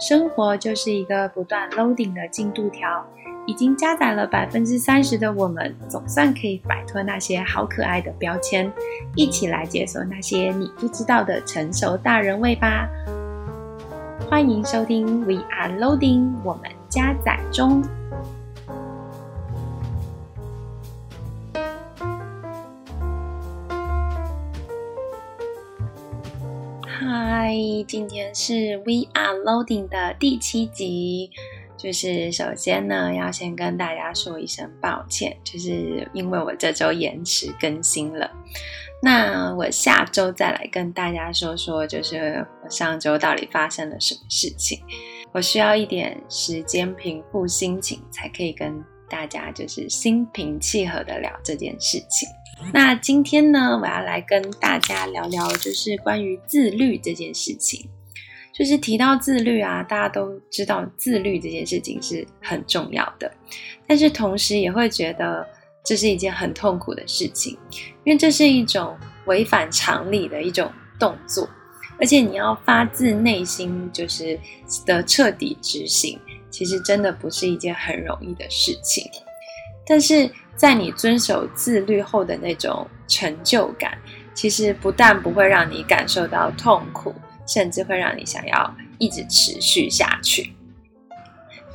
生活就是一個不斷 loading 的進度條，已經加載了百分之三十的我們，總算可以擺脫那些好可愛的標籤，一起來解鎖那些你不知道的成熟大人味吧！歡迎收聽 We are loading，我們加載中。今天是 We are loading 的第七集，就是首先呢，要先跟大家說一聲抱歉，就是因為我這周延遲更新了，那我下周再來跟大家說說，就是我上周到底發生了什麼事情，我需要一點時間平復心情，才可以跟大家就是心平氣和的聊這件事情。那今天呢，我要來跟大家聊聊，就是關於自律這件事情。就是提到自律啊，大家都知道自律這件事情是很重要的，但是同時也會覺得這是一件很痛苦的事情，因為這是一種違反常理的一種動作，而且你要發自內心，就是得徹底執行，其實真的不是一件很容易的事情，但是。在你遵守自律後的那種成就感，其實不但不會讓你感受到痛苦，甚至會讓你想要一直持續下去。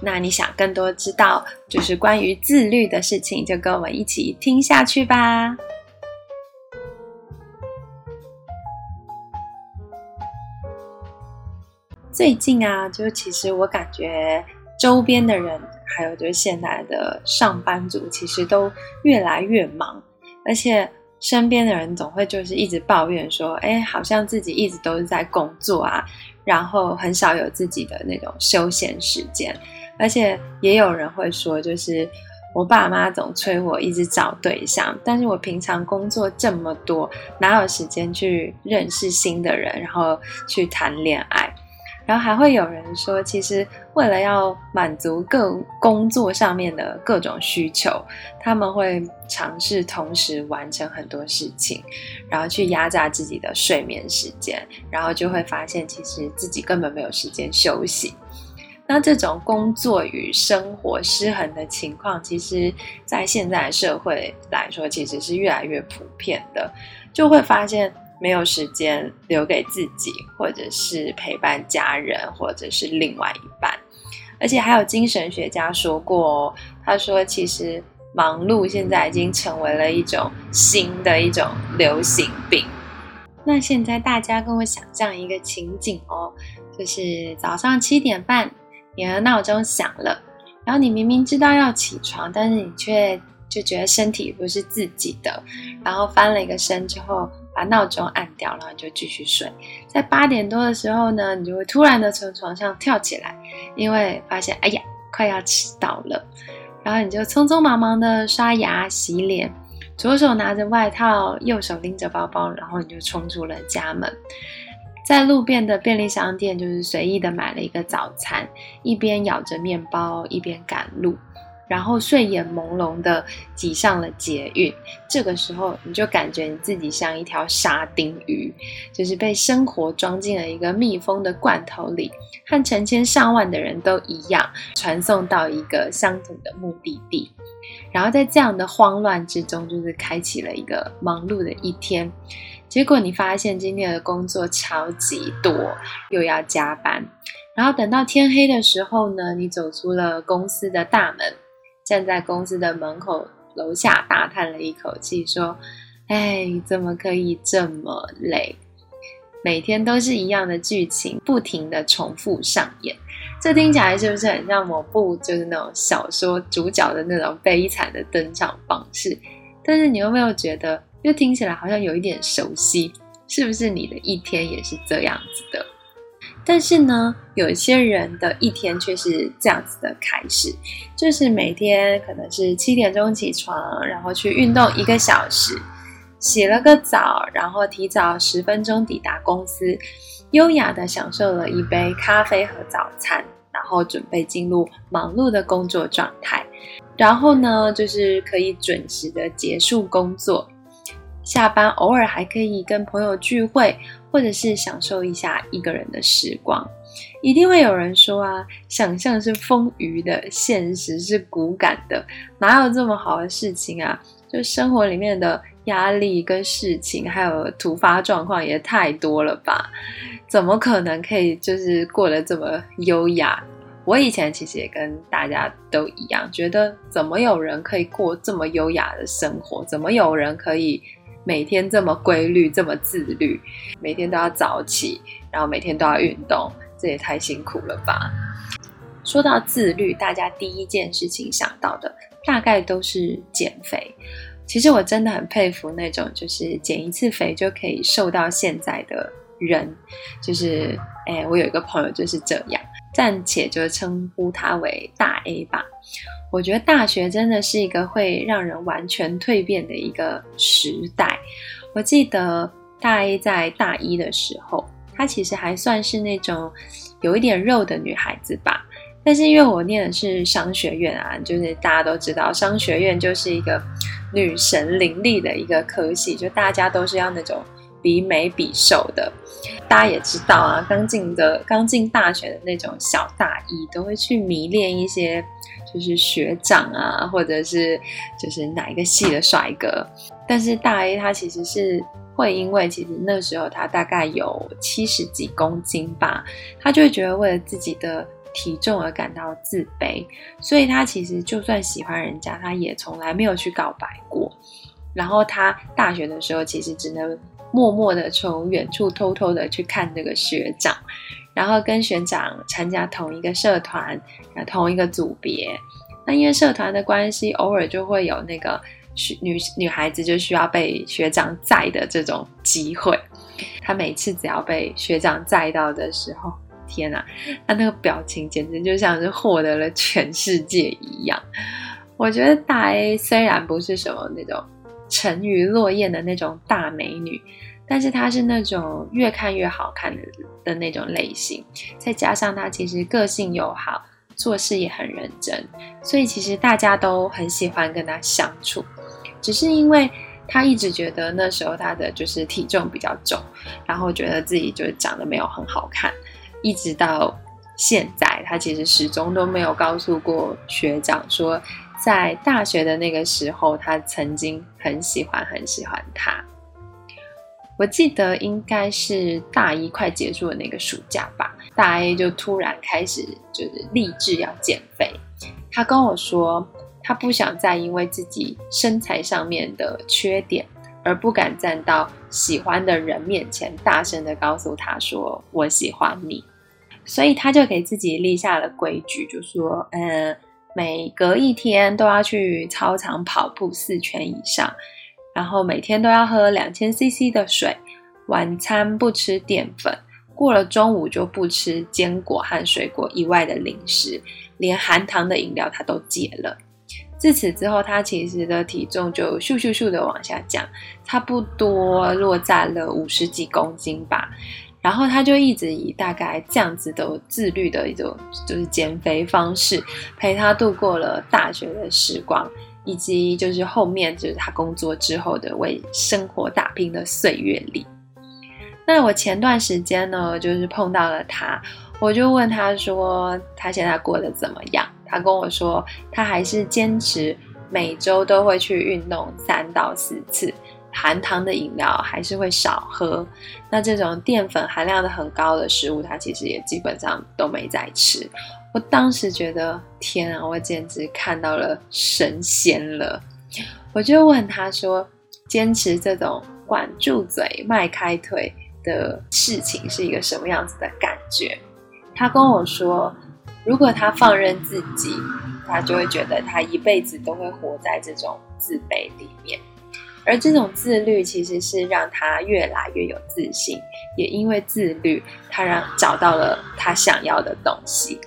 那你想更多知道，就是關於自律的事情，就跟我們一起聽下去吧。最近啊，就其實我感覺周邊的人。還有就是，現在的上班族其實都越來越忙，而且身邊的人總會就是一直抱怨說：“哎，好像自己一直都是在工作啊，然後很少有自己的那種休閒時間。”而且也有人會說：“就是我爸媽總催我一直找對象，但是我平常工作這麼多，哪有時間去認識新的人，然後去談戀愛？”然後還會有人說，其實為了要滿足各工作上面的各種需求，他們會嘗試同時完成很多事情，然後去壓榨自己的睡眠時間，然後就會發現，其實自己根本沒有時間休息。那這種工作與生活失衡的情況，其實在現在社會來說，其實是越來越普遍的，就會發現。沒有時間留給自己，或者是陪伴家人，或者是另外一半。而且還有精神學家說過哦，他說其實忙碌現在已經成為了一種新的一種流行病。那現在大家跟我想象一個情景哦，就是早上七點半，你的鬧鐘響了，然後你明明知道要起床，但是你卻就覺得身體不是自己的，然後翻了一個身之後。把鬧鐘按掉，然後你就繼續睡。在八點多的時候呢，你就會突然的從床上跳起來，因為發現哎呀，快要遲到了。然後你就匆匆忙忙的刷牙洗臉，左手拿着外套，右手拎着包包，然後你就衝出了家門。在路邊的便利商店就是隨意的買了一個早餐，一邊咬着麵包，一邊趕路。然後睡眼朦朧的擠上了捷運，這個時候你就感覺你自己像一條沙丁魚，就是被生活裝進了一個密封的罐頭裡，和成千上萬的人都一樣，傳送到一個相同的目的地。然後在這樣的慌亂之中，就是開啟了一個忙碌的一天。結果你發現今天的工作超級多，又要加班。然後等到天黑的時候呢，你走出了公司的大門。站在公司的門口樓下，大嘆了一口氣，說：“哎，怎麼可以這麼累？每天都是一樣的劇情，不停的重複上演。這聽起來是不是很像某部就是那種小說主角的那種悲慘的登場方式？但是你有沒有覺得，又聽起來好像有一點熟悉？是不是你的一天也是這樣子的？”但是呢，有些人的一天卻是這樣子的開始，就是每天可能是七點鐘起床，然後去運動一個小時，洗了個澡，然後提早十分鐘抵達公司，優雅的享受了一杯咖啡和早餐，然後準備進入忙碌的工作狀態，然後呢，就是可以準時的結束工作。下班偶爾還可以跟朋友聚會，或者是享受一下一個人的時光。一定會有人說啊，想象是豐腴的，現實是骨感的，哪有這麼好的事情啊？就生活裡面的壓力跟事情，還有突發狀況也太多了吧？怎麼可能可以就是過得這麼優雅？我以前其實也跟大家都一樣，覺得怎麼有人可以過這麼優雅的生活，怎麼有人可以？每天這麼規律，這麼自律，每天都要早起，然後每天都要運動，這也太辛苦了吧！說到自律，大家第一件事情想到的大概都是減肥。其實我真的很佩服那種就是減一次肥就可以瘦到現在的人，就是，哎，我有一個朋友就是這樣。暫且就稱呼她為大 A 吧。我覺得大學真的是一個會讓人完全蛻變的一個時代。我記得大 A 在大一的時候，她其實還算是那種有一點肉的女孩子吧。但是因為我念的是商學院啊，就是大家都知道商學院就是一個女神林立的一個科系，就大家都是要那種。比美比瘦的，大家也知道啊。剛進的剛進大學的那種小大一，都會去迷戀一些，就是學長啊，或者是就是哪一個系的帥哥。但是大 A 他其實是會因為，其實那時候他大概有七十幾公斤吧，他就會覺得為了自己的體重而感到自卑，所以他其實就算喜歡人家，他也從來沒有去告白過。然後他大學的時候其實只能。默默的從遠處偷偷的去看這個學長，然後跟學長參加同一個社團，啊，同一個組別。那因為社團的關係，偶爾就會有那個女女孩子就需要被學長載的這種機會。她每次只要被學長載到的時候，天吶，啊，她那個表情簡直就像是獲得了全世界一樣。我覺得大 A 雖然不是什麼那種。沉魚落雁的那種大美女，但是她是那種越看越好看的的那種類型，再加上她其實個性又好，做事，也很認真，所以其實大家都很喜歡跟她相處。只是因為她一直覺得那時候她的就是體重比較重，然後覺得自己就是長得沒有很好看，一直到現在，她其實始終都沒有告訴過學長說。在大學的那個時候，他曾經很喜歡很喜歡他。我記得應該是大一快結束的那個暑假吧，大 A 就突然開始就是立志要減肥。他跟我說，他不想再因為自己身材上面的缺點而不敢站到喜歡的人面前，大聲的告訴他說：“我喜歡你。”所以他就給自己立下了規矩，就說：“嗯。”每隔一天都要去操場跑步四圈以上，然後每天都要喝兩千 CC 的水，晚餐不吃澱粉，過了中午就不吃堅果和水果以外的零食，連含糖的飲料他都戒了。自此之後，他其實的體重就咻咻咻的往下降，差不多落在了五十幾公斤吧。然後他就一直以大概這樣子的自律的一種就是減肥方式陪他度過了大學的時光，以及就是後面就是他工作之後的為生活打拼的歲月裡。那我前段時間呢，就是碰到了他，我就問他說他現在過得怎麼樣？他跟我說他還是堅持每周都會去運動三到四次。含糖的飲料還是會少喝，那這種澱粉含量的很高的食物，他其實也基本上都沒在吃。我當時覺得，天啊，我簡直看到了神仙了！我就問他說，堅持這種管住嘴、邁開腿的事情是一個什麼樣子的感覺？他跟我說，如果他放任自己，他就會覺得他一輩子都會活在這種自卑裡面。而這種自律其實是讓他越來越有自信，也因為自律，他讓找到了他想要的東西。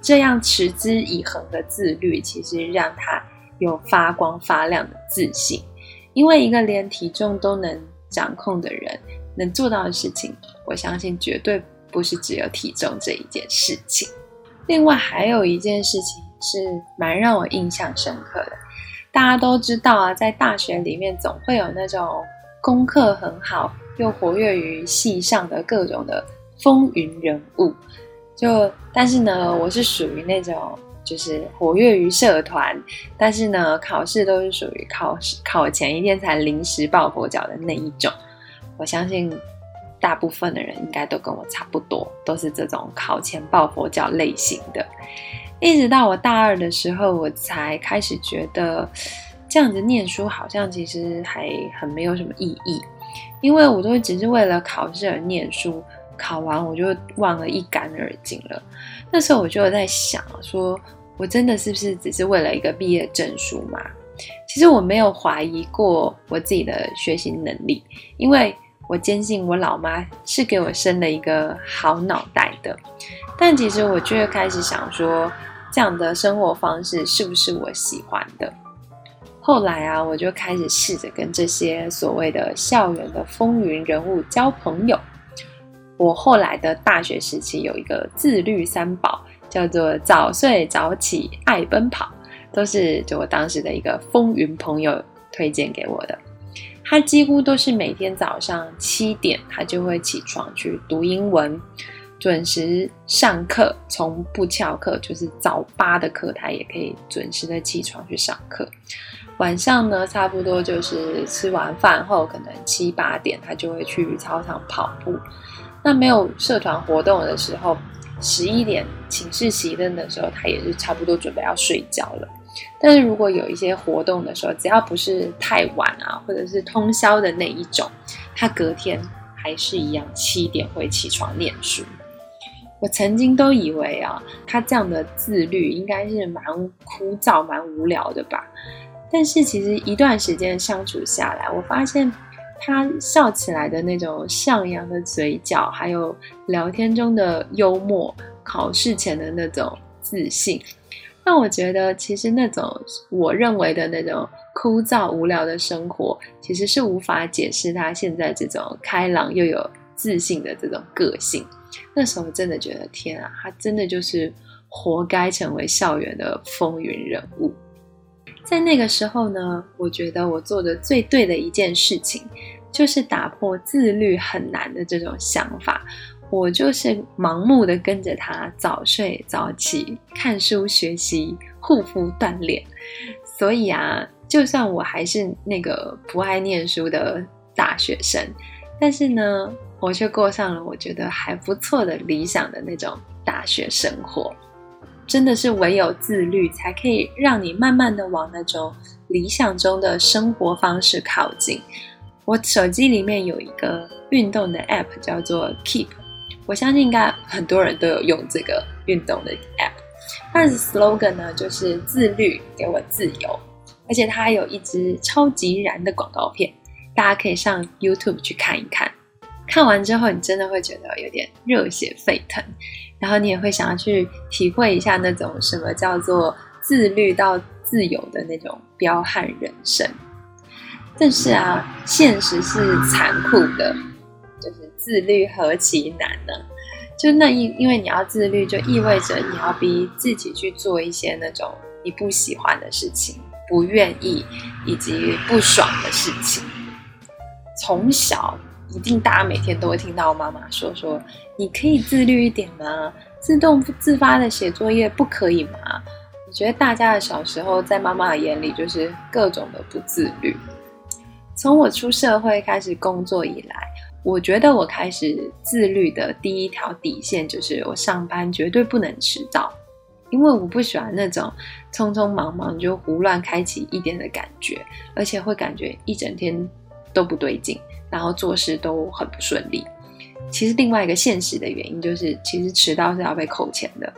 這樣持之以恆的自律，其實讓他有發光發亮的自信。因為一個連體重都能掌控的人，能做到的事情，我相信絕對不是只有體重這一件事情。另外還有一件事情是蠻讓我印象深刻的。大家都知道啊，在大學裡面總會有那種功課很好又活躍於系上的各種的風雲人物。就但是呢，我是屬於那種就是活躍於社團，但是呢，考試都是屬於考考前一天才臨時抱佛腳的那一種。我相信大部分的人應該都跟我差不多，都是這種考前抱佛腳類型的。一直到我大二的時候，我才開始覺得，這樣子念書好像其實還很沒有什麼意義，因為我都只是為了考試而念書，考完我就忘了一乾二淨了。那時候我就在想說，說我真的是不是只是為了一個畢業證書嘛？其實我沒有懷疑過我自己的學習能力，因為我堅信我老媽是給我生了一個好腦袋的。但其實，我就會開始想說，這樣的生活方式是不是我喜歡的？後來啊，我就開始試着跟這些所謂的校園的風雲人物交朋友。我後來的大學時期有一個自律三寶，叫做早睡早起、愛奔跑，都是就我當時的一個風雲朋友推薦給我的。他幾乎都是每天早上七點，他就會起床去讀英文。準時上課，從不翹課，就是早八的課，他也可以準時的起床去上課。晚上呢，差不多就是吃完飯後，可能七八點，他就會去操場跑步。那沒有社團活動的時候，十一點寢室熄燈的時候，他也是差不多準備要睡覺了。但是如果有一些活動的時候，只要不是太晚啊，或者是通宵的那一種，他隔天還是一樣，七點會起床念書。我曾經都以為啊，他這樣的自律應該是蠻枯燥、蠻無聊的吧。但是其實一段時間相處下來，我發現他笑起來的那種上揚的嘴角，還有聊天中的幽默，考試前的那種自信，讓我覺得其實那種我認為的那種枯燥無聊的生活，其實是無法解釋他現在這種開朗又有自信的這種個性。那時候真的覺得天啊，他真的就是活該成為校園的風雲人物。在那個時候呢，我覺得我做的最對的一件事情，就是打破“自律很難”的這種想法。我就是盲目的跟着他早睡早起、看書學習、護膚鍛煉。所以啊，就算我還是那個不愛念書的大學生，但是呢，我卻過上了我覺得還不錯的理想的那種大學生活，真的是唯有自律，才可以讓你慢慢的往那種理想中的生活方式靠近。我手機裡面有一個運動的 app，叫做 Keep，我相信應該很多人都有用這個運動的 app。它的 slogan 呢就是“自律給我自由”，而且它還有一支超級燃的廣告片，大家可以上 YouTube 去看一看。看完之後，你真的會覺得有點熱血沸騰，然後你也會想要去體會一下那種什麼叫做自律到自由的那種彪悍人生。但是啊，現實是殘酷的，就是自律何其難呢？就那因因為你要自律，就意味着你要逼自己去做一些那種你不喜歡的事情、不願意以及不爽的事情。從小。一定，大家每天都會聽到我媽媽說，說：“說你可以自律一點嗎？自動自發的寫作業不可以嗎？”我覺得大家的小時候在媽媽的眼裡就是各種的不自律。從我出社會開始工作以來，我覺得我開始自律的第一條底線就是我上班絕對不能遲到，因為我不喜歡那種匆匆忙忙就胡亂開啟一點的感覺，而且會感覺一整天都不對勁。然後做事都很不順利。其實另外一個現實的原因就是，其實遲到是要被扣錢的。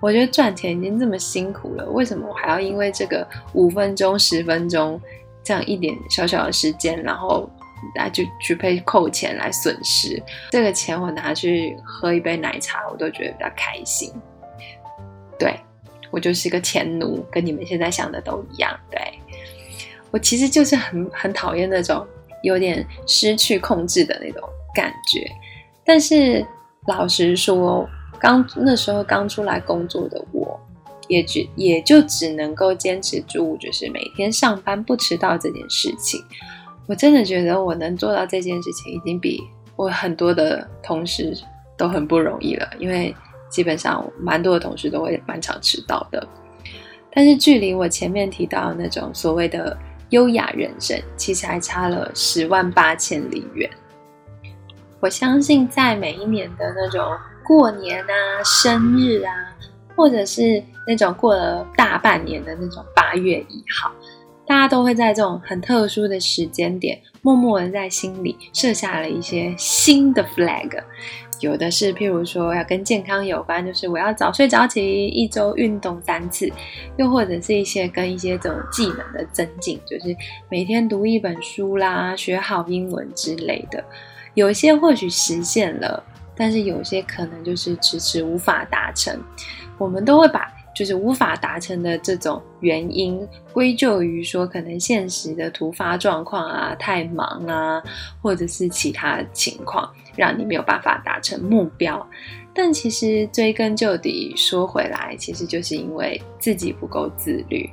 我覺得賺錢已經這麼辛苦了，為什麼我還要因為這個五分鐘、十分鐘這樣一點小小的時間，然後那就去，去被扣錢來損失這個錢？我拿去喝一杯奶茶，我都覺得比較開心。對，我就是一個錢奴，跟你們現在想的都一樣。對，我其實就是很很討厭那種。有點失去控制的那種感覺，但是老實說，剛那時候剛出來工作的我，也只也就只能夠堅持住，就是每天上班不遲到這件事情。我真的覺得我能做到這件事情，已經比我很多的同事都很不容易了，因為基本上蠻多的同事都會蠻常遲到的。但是距離我前面提到的那種所謂的。優雅人生，其實還差了十萬八千里遠。我相信，在每一年的那種過年啊、生日啊，或者是那種過了大半年的那種八月一號，大家都會在這種很特殊的時間點，默默的在心裡設下了一些新的 flag。有的是，譬如說要跟健康有關，就是我要早睡早起，一周運動三次；又或者是一些跟一些這種技能的增進，就是每天讀一本書啦，學好英文之類的。有些或許實現了，但是有些可能就是遲遲無法達成。我們都會把就是無法達成的這種原因歸咎於說，可能現實的突發狀況啊，太忙啊，或者是其他情況，讓你沒有辦法達成目標，但其實追根究底說回來，其實就是因為自己不夠自律。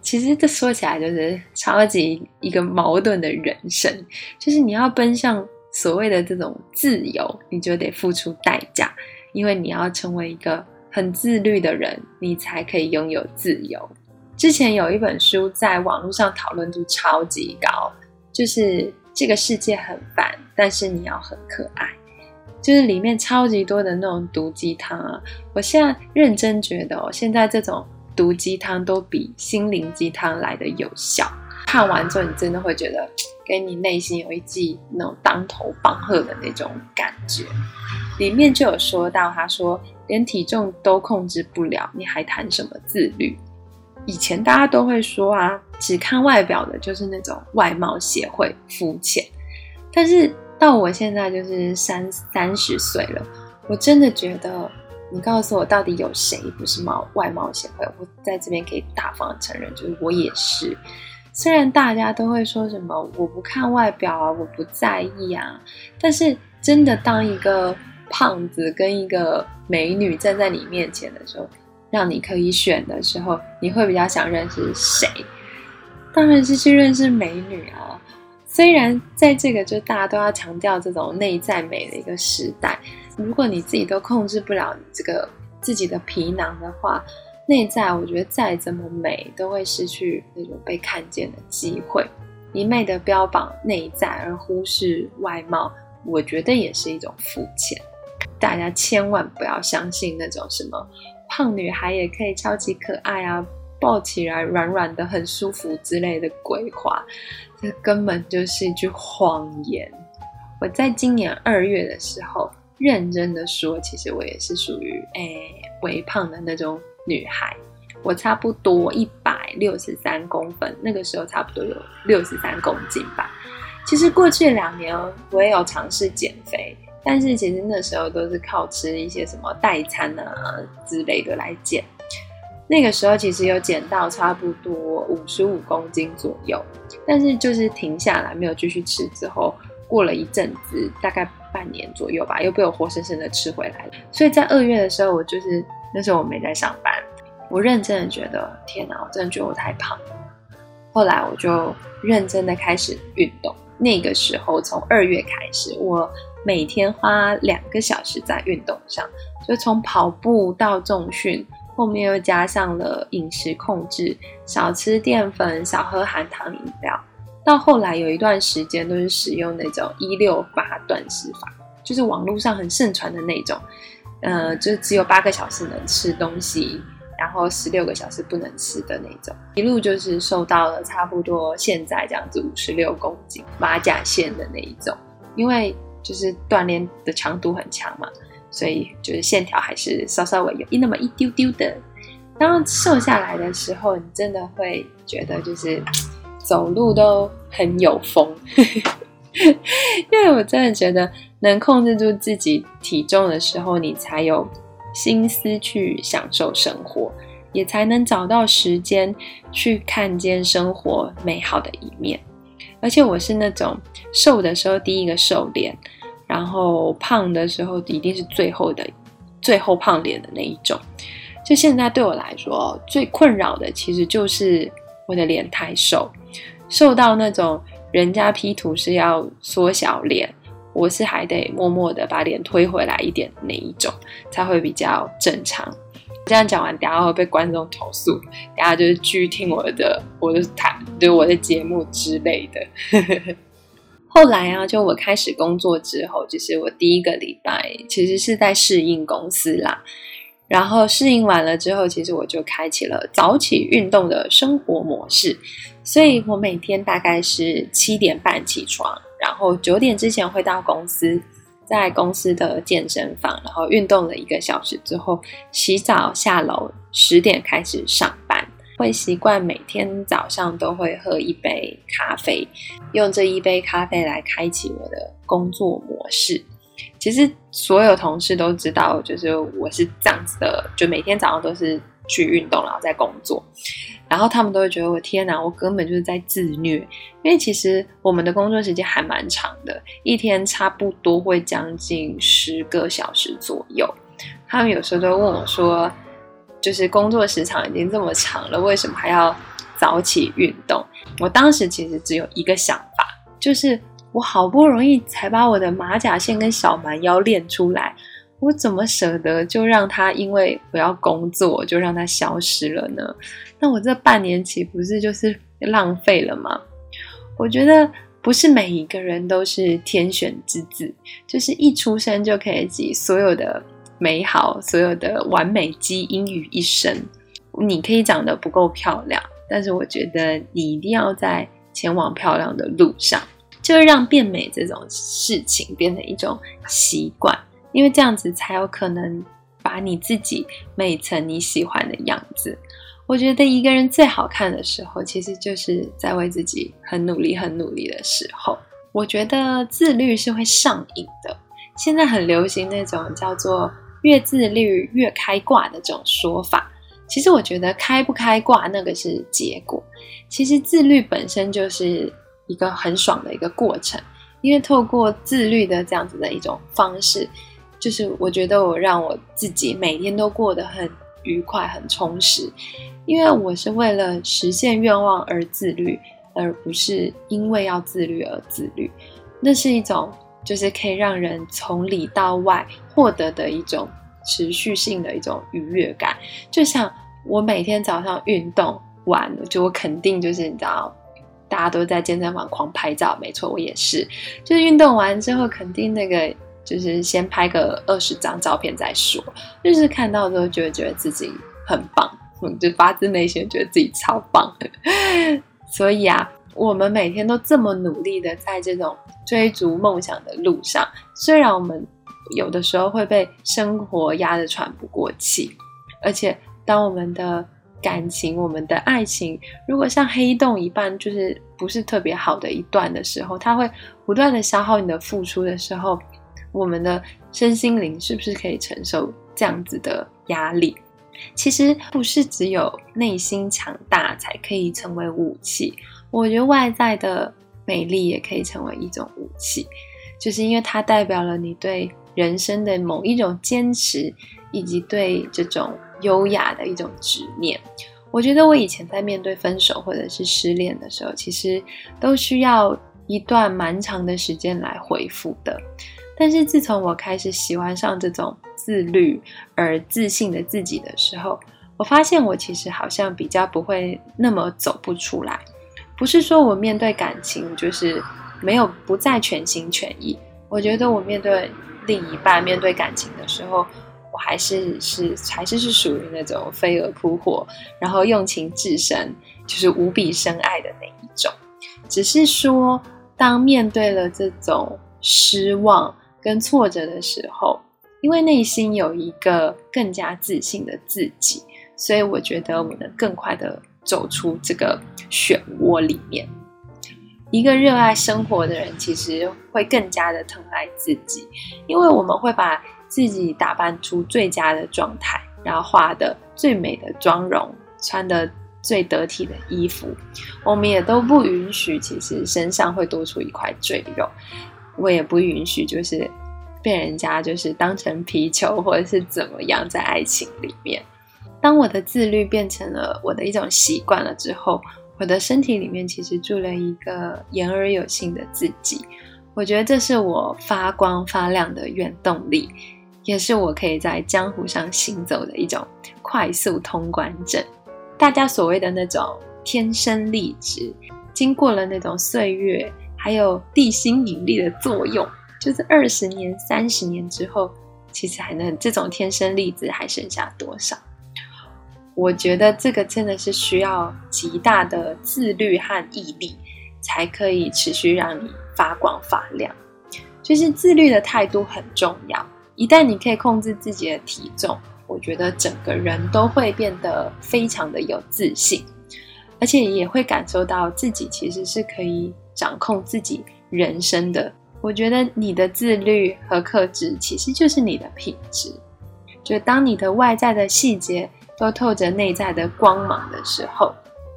其實這說起來就是超級一個矛盾的人生，就是你要奔向所謂的這種自由，你就得付出代價，因為你要成為一個很自律的人，你才可以擁有自由。之前有一本書在網絡上討論度超級高，就是這個世界很煩。但是你要很可愛，就是裡面超級多的那種毒雞湯啊！我現在認真覺得哦，現在這種毒雞湯都比心靈雞湯來得有效。看完之後，你真的會覺得給你內心有一記那種當頭棒喝的那種感覺。裡面就有說到，他說連體重都控制不了，你還談什麼自律？以前大家都會說啊，只看外表的就是那種外貌協會膚淺，但是。到我現在就是三三十歲了，我真的覺得，你告訴我到底有誰不是外貌協會？我在這邊可以大方承認，就是我也是。雖然大家都會說什麼我不看外表啊，我不在意啊，但是真的當一個胖子跟一個美女站在你面前的時候，讓你可以選的時候，你會比較想認識誰？當然是去認識美女啊。雖然在這個就大家都要強調這種內在美的一個時代，如果你自己都控制不了你這個自己的皮囊的話，內在我覺得再怎麼美，都會失去那種被看見的機會。一味的標榜內在而忽視外貌，我覺得也是一種膚淺。大家千萬不要相信那種什麼胖女孩也可以超級可愛啊，抱起來軟軟的很舒服之類的鬼話。這根本就是一句謊言。我在今年二月的時候，認真的說，其實我也是屬於誒、哎、微胖的那種女孩。我差不多一百六十三公分，那個時候差不多有六十三公斤吧。其實過去兩年，我也有嘗試減肥，但是其實那時候都是靠吃一些什麼代餐啊之類的來減。那個時候其實有減到差不多五十五公斤左右，但是就是停下來沒有繼續吃之後，過了一陣子，大概半年左右吧，又被我活生生的吃回來了。所以在二月的時候，我就是那時候我沒在上班，我認真的覺得，天哪，我真的覺得我太胖了。後來我就認真的開始運動，那個時候從二月開始，我每天花兩個小時在運動上，就從跑步到重訓。後面又加上了飲食控制，少吃澱粉，少喝含糖飲料。到後來有一段時間都是使用那種一六八斷食法，就是網絡上很盛傳的那種，呃，就只有八個小時能吃東西，然後十六個小時不能吃的那種。一路就是瘦到了差不多現在這樣子五十六公斤馬甲線的那一種，因為就是鍛鍊的強度很強嘛。所以就是線條還是稍稍微有一那麼一丟丟的。當瘦下來的時候，你真的會覺得就是走路都很有風。 因為我真的覺得能控制住自己體重的時候，你才有心思去享受生活，也才能找到時間去看見生活美好的一面。而且我是那種瘦的時候第一個瘦臉。然後胖的時候一定是最後的，最後胖臉的那一種。就現在對我來說，最困擾的其實就是我的臉太瘦，瘦到那種人家 P 圖是要縮小臉，我是還得默默的把臉推回來一點的那一種，才會比較正常。這樣講完，等下會被觀眾投訴，大家就是繼續聽我的，我的談，對我的節目之類的。 後來啊，就我開始工作之後，就是我第一個禮拜，其實是在適應公司啦。然後適應完了之後，其實我就開啟了早起運動的生活模式。所以我每天大概是七點半起床，然後九點之前會到公司，在公司的健身房，然後運動了一個小時之後，洗澡下樓，十點開始上班。會習慣每天早上都會喝一杯咖啡，用這一杯咖啡來開啟我的工作模式。其實所有同事都知道，就是我是這樣子的，就每天早上都是去運動然後在工作，然後他們都會覺得我天哪，我根本就是在自虐。因為其實我們的工作時間還蠻長的，一天差不多會將近十個小時左右。他們有時候都問我說，就是工作時長已經這麼長了，為什麼還要早起運動？我當時其實只有一個想法，就是我好不容易才把我的馬甲線跟小蠻腰練出來，我怎麼捨得就讓它因為我要工作就讓它消失了呢？那我這半年豈不是就是浪費了嗎？我覺得不是每一個人都是天選之子，就是一出生就可以集所有的。美好，所有的完美基因於一身，你可以長得不夠漂亮，但是我覺得你一定要在前往漂亮的路上，就會讓變美這種事情變成一種習慣，因為這樣子才有可能把你自己美成你喜歡的樣子。我覺得一個人最好看的時候，其實就是在為自己很努力、很努力的時候。我覺得自律是會上癮的，現在很流行那種叫做。越自律越開掛的這種說法，其實我覺得開不開掛那個是結果。其實自律本身就是一個很爽的一個過程，因為透過自律的這樣子的一種方式，就是我覺得我讓我自己每天都過得很愉快、很充實。因為我是為了實現願望而自律，而不是因為要自律而自律。那是一種就是可以讓人從裡到外，獲得的一種持續性的一種愉悅感，就像我每天早上運動完，就我肯定就是你知道，大家都在健身房狂拍照，沒錯，我也是。就是運動完之後，肯定那個就是先拍個二十張照片再說。就是看到之後，就會覺得自己很棒，就發自內心覺得自己超棒。 所以啊，我們每天都這麼努力的在這種追逐夢想的路上，雖然我們。有的時候會被生活壓得喘不過氣，而且當我們的感情、我們的愛情如果像黑洞一般，就是不是特別好的一段的時候，它會不斷的消耗你的付出的時候，我們的身心靈是不是可以承受這樣子的壓力？其實不是只有內心強大才可以成為武器，我覺得外在的美麗也可以成為一種武器，就是因為它代表了你對。人生的某一種堅持，以及對這種優雅的一種執念，我覺得我以前在面對分手或者是失戀的時候，其實都需要一段蠻長的時間來恢復的。但是自從我開始喜歡上這種自律而自信的自己的時候，我發現我其實好像比較不會那麼走不出來。不是說我面對感情就是沒有不再全心全意，我覺得我面對。另一半面對感情的時候，我還是是還是是屬於那種飛蛾撲火，然後用情至深，就是無比深愛的那一種。只是說，當面對了這種失望跟挫折的時候，因為內心有一個更加自信的自己，所以我覺得我能更快的走出這個漩渦裡面。一個熱愛生活的人，其實會更加的疼愛自己，因為我們會把自己打扮出最佳的狀態，然後畫的最美的妝容，穿的最得體的衣服，我們也都不允許，其實身上會多出一塊贅肉，我也不允許，就是被人家就是當成皮球或者是怎麼樣，在愛情裡面，當我的自律變成了我的一種習慣了之後。我的身體裡面其實住了一個言而有信的自己，我覺得這是我發光發亮的原動力，也是我可以在江湖上行走的一種快速通關證，大家所謂的那種天生麗質，經過了那種歲月，還有地心引力的作用，就是二十年、三十年之後，其實還能，這種天生麗質還剩下多少？我覺得這個真的是需要極大的自律和毅力，才可以持續讓你發光發亮。就是自律的態度很重要。一旦你可以控制自己的體重，我覺得整個人都會變得非常的有自信，而且也會感受到自己其實是可以掌控自己人生的。我覺得你的自律和克制其實就是你的品質。就當你的外在的細節，都透着內在的光芒的時候，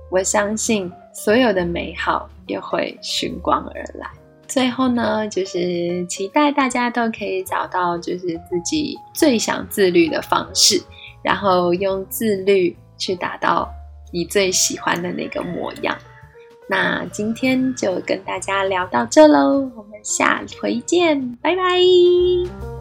我相信所有的美好也會尋光而來。最後呢，就是期待大家都可以找到就是自己最想自律的方式，然後用自律去達到你最喜歡的那個模樣。那今天就跟大家聊到這嘍，我們下回見，拜拜。